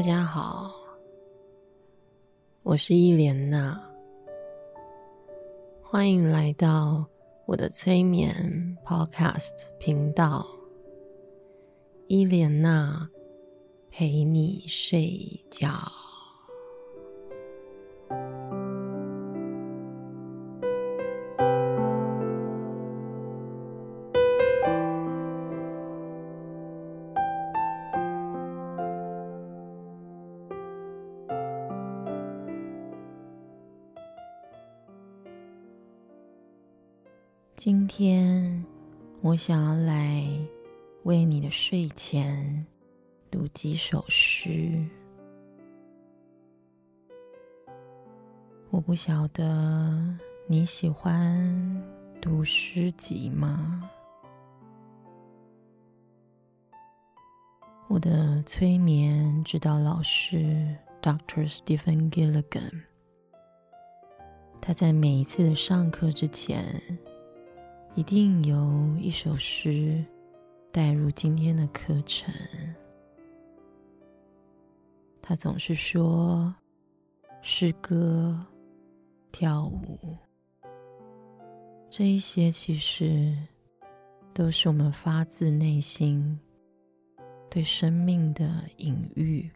大家好，我是伊蓮娜，歡迎來到我的催眠 Podcast 頻道，伊蓮娜陪你睡覺。今天我想要來為你的睡前讀幾首詩。我不曉得你喜歡讀詩集嗎？我的催眠指導老師 Dr. Stephen Gilligan，他在每一次的上課之前。一定由一首詩帶入今天的課程。他總是說，詩歌、跳舞，這一些其實都是我們發自內心對生命的隱喻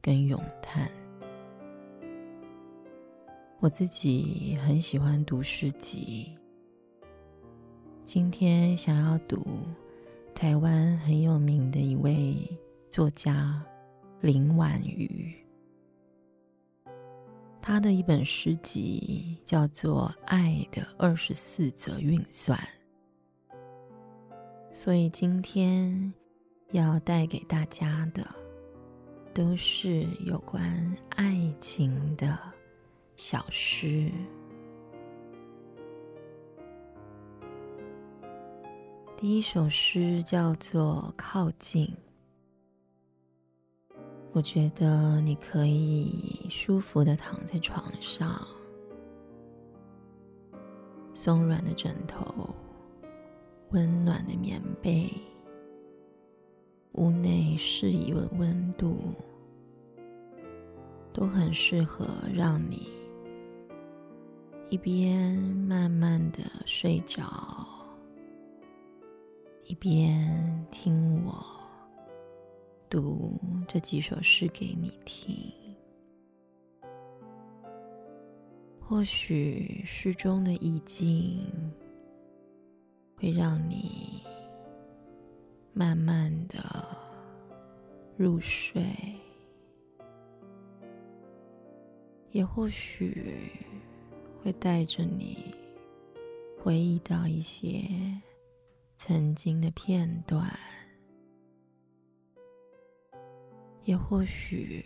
跟詠嘆。我自己很喜歡讀詩集。今天想要讀台灣很有名的一位作家林婉瑜，她的一本詩集叫做《愛的二十四則運算》，所以今天要帶給大家的都是有關愛情的小詩。第一首詩叫做《靠近》。我覺得你可以舒服的躺在床上，鬆軟的枕頭，溫暖的棉被，屋內適宜的溫度，都很適合讓你一邊慢慢的睡着。一邊聽我讀這幾首詩給你聽，或許詩中的意境會讓你慢慢的入睡，也或許會帶着你回憶到一些。曾經的片段，也或許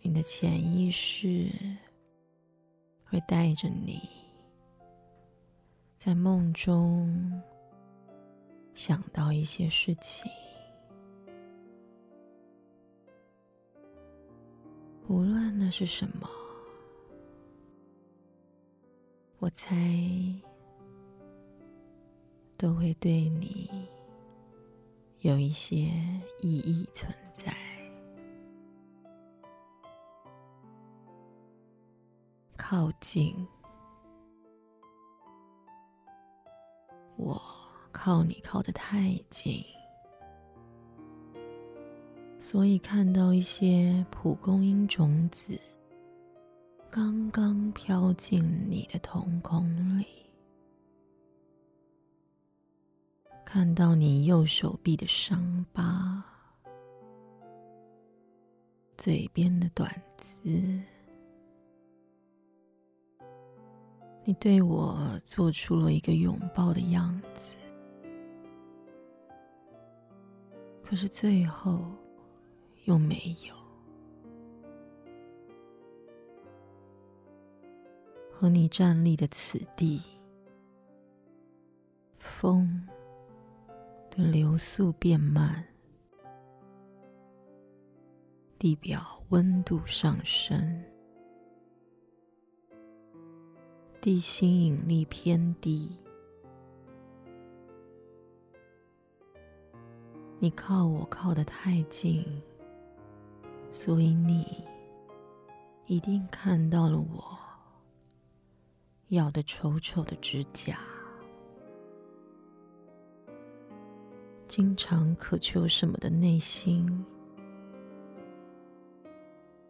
你的潛意識會帶着你，在夢中想到一些事情，無論那是什麼，我猜。都會對你有一些意義存在。靠近我，靠你靠得太近，所以看到一些蒲公英種子剛剛飄進你的瞳孔裡。看到你右手臂的傷疤，嘴邊的短髭，你對我做出了一個擁抱的樣子，可是最後又沒有。和你站立的此地，風。流速變慢，地表溫度上升，地心引力偏低。你靠我靠得太近，所以你一定看到了我咬得醜醜的指甲。經常渴求什麼的內心，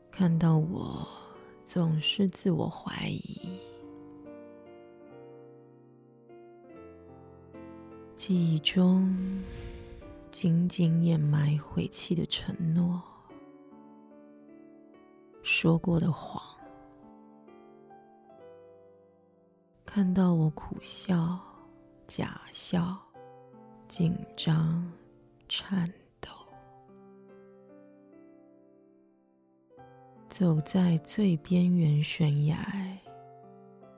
看到我總是自我懷疑。記憶中，緊緊掩埋晦氣的承諾，說過的謊，看到我苦笑，假笑。緊張、顫抖，走在最邊緣懸崖，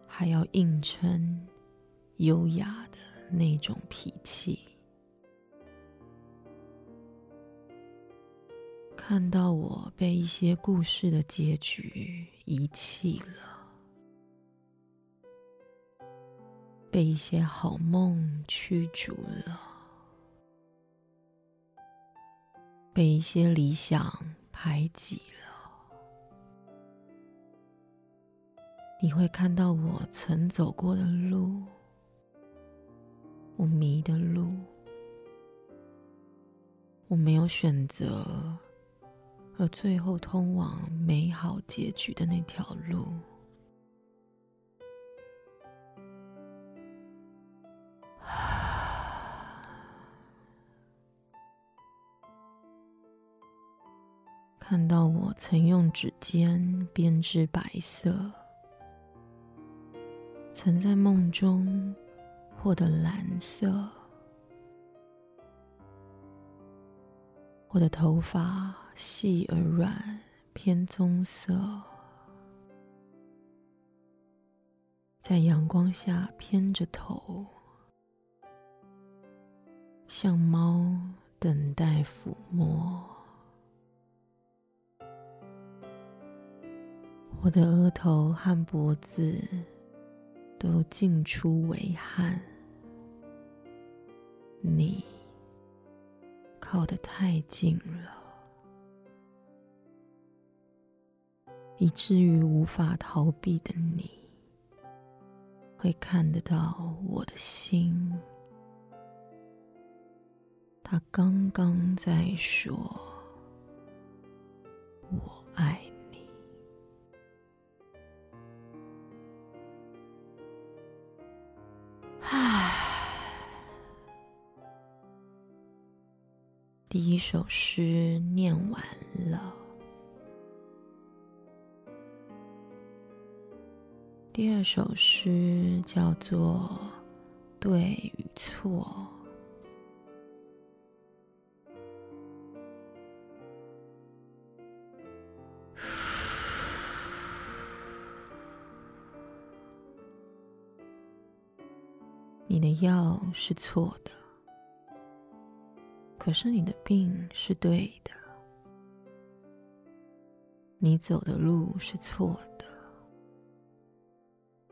還要硬撐優雅的那種脾氣。看到我被一些故事的結局遺棄了，被一些好夢驅逐了，被一些理想排擠了，你會看到我曾走過的路，我迷的路，我沒有選擇，而最後通往美好結局的那條路。看到我曾用指尖編織白色，曾在夢中獲得藍色。我的頭髮細而軟，偏棕色，在陽光下偏着頭，像貓等待撫摸。我的額頭和脖子都浸出微汗，你靠得太近了，以至於無法逃避的你，會看得到我的心。他剛剛在說：“我愛。”第一首詩念完了，第二首詩叫做《對與錯》。你的藥是錯的。可是你的病是對的，你走的路是錯的。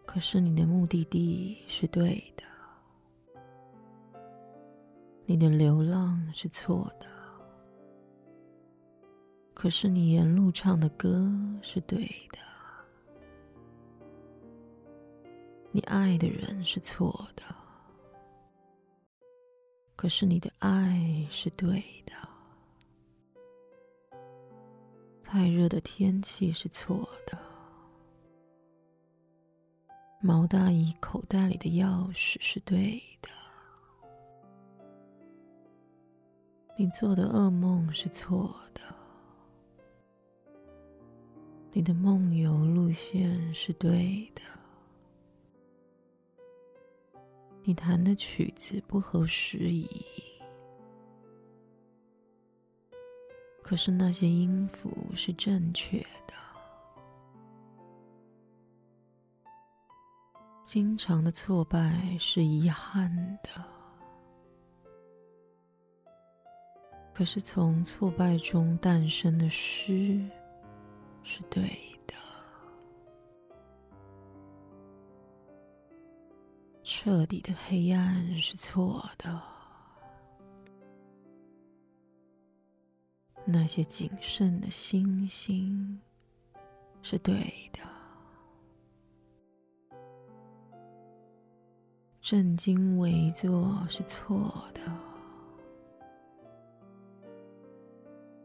可是你的目的地是對的，你的流浪是錯的。可是你沿路唱的歌是對的，你愛的人是錯的。可是你的愛是對的，太熱的天氣是錯的，毛大衣口袋裡的鑰匙是對的，你做的噩夢是錯的，你的夢遊路線是對的。你彈的曲子，不合時宜，可是那些音符是正確的。經常的挫敗是遺憾的，可是從挫敗中誕生的詩是對的。徹底的黑暗是錯的，那些僅剩的星星是對的，正襟危坐是錯的，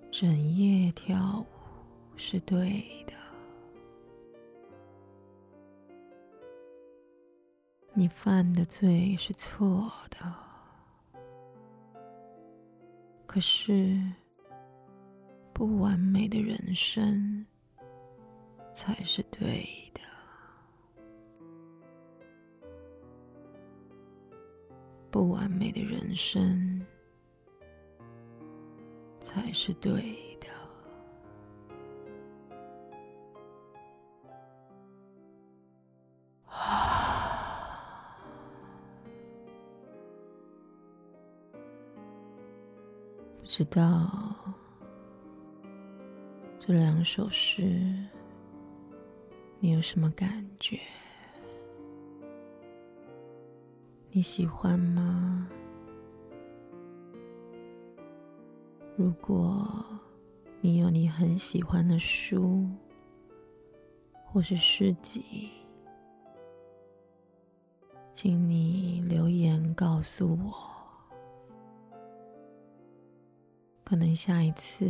整夜跳舞是對的。你犯的罪是錯的，可是不完美的人生才是對的。不完美的人生才是對的。知道這兩首詩，你有什麼感覺？你喜歡嗎？如果你有你很喜歡的書或是詩集，請你留言告訴我。可能下一次，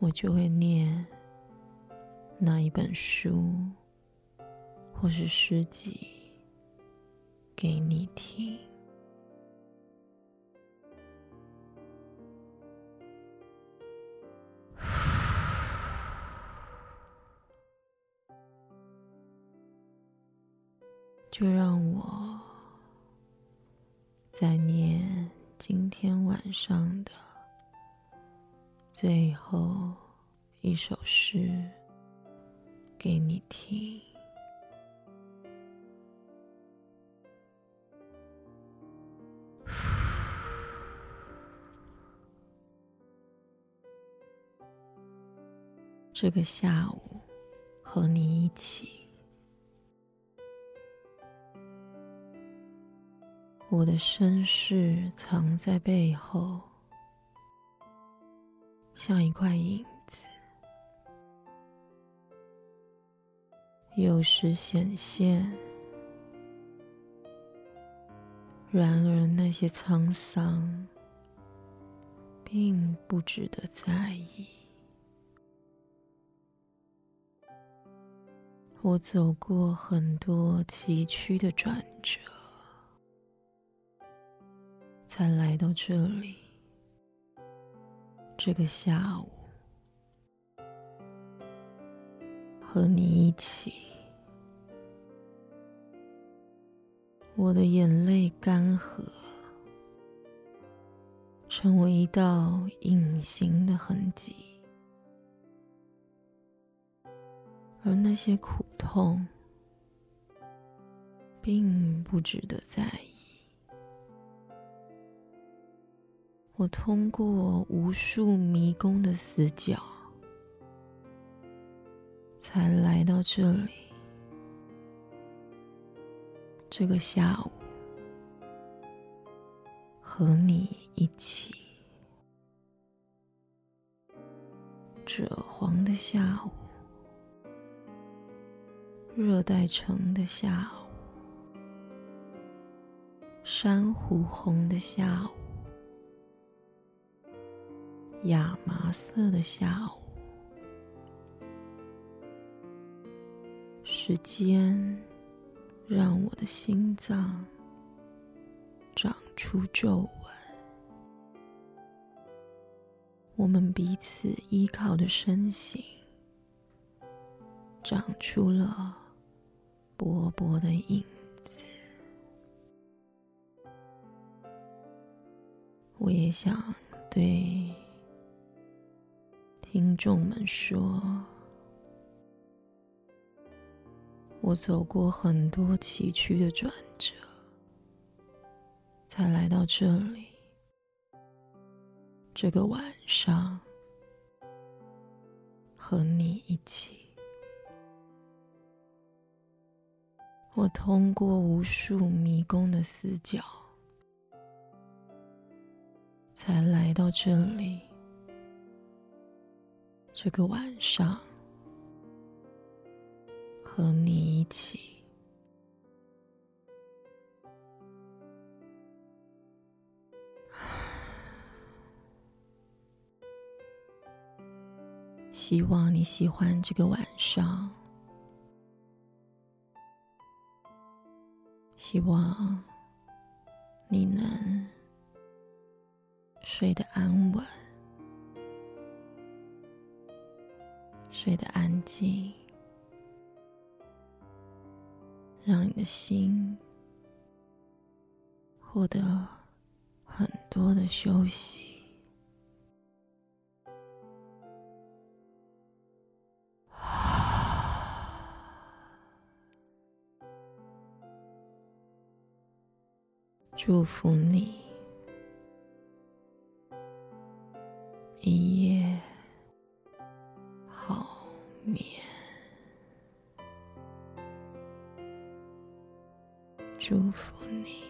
我就會念那一本書，或是詩集給你聽。就讓我再念。今天晚上的最後一首詩，給你聽。這個下午和你一起。我的身世藏在背後，像一塊影子，有時顯現。然而，那些滄桑並不值得在意。我走過很多崎嶇的轉折。才來到這裡，這個下午和你一起，我的眼淚乾涸，成為一道隱形的痕跡，而那些苦痛並不值得在意。我通過無數迷宮的死角，才來到這裡。這個下午，和你一起。赭黃的下午，熱帶城的下午，珊瑚紅的下午。亞麻色的下午，時間讓我的心臟長出皺紋，我們彼此依靠的身形長出了薄薄的影子。我也想對。聽眾們說：“我走過很多崎嶇的轉折，才來到這裡。這個晚上，和你一起，我通過無數迷宮的死角，才來到這裡。”這個晚上和你一起，希望你喜歡這個晚上，希望你能睡得安穩。睡得安靜，讓你的心獲得很多的休息。啊，祝福你。祝福你。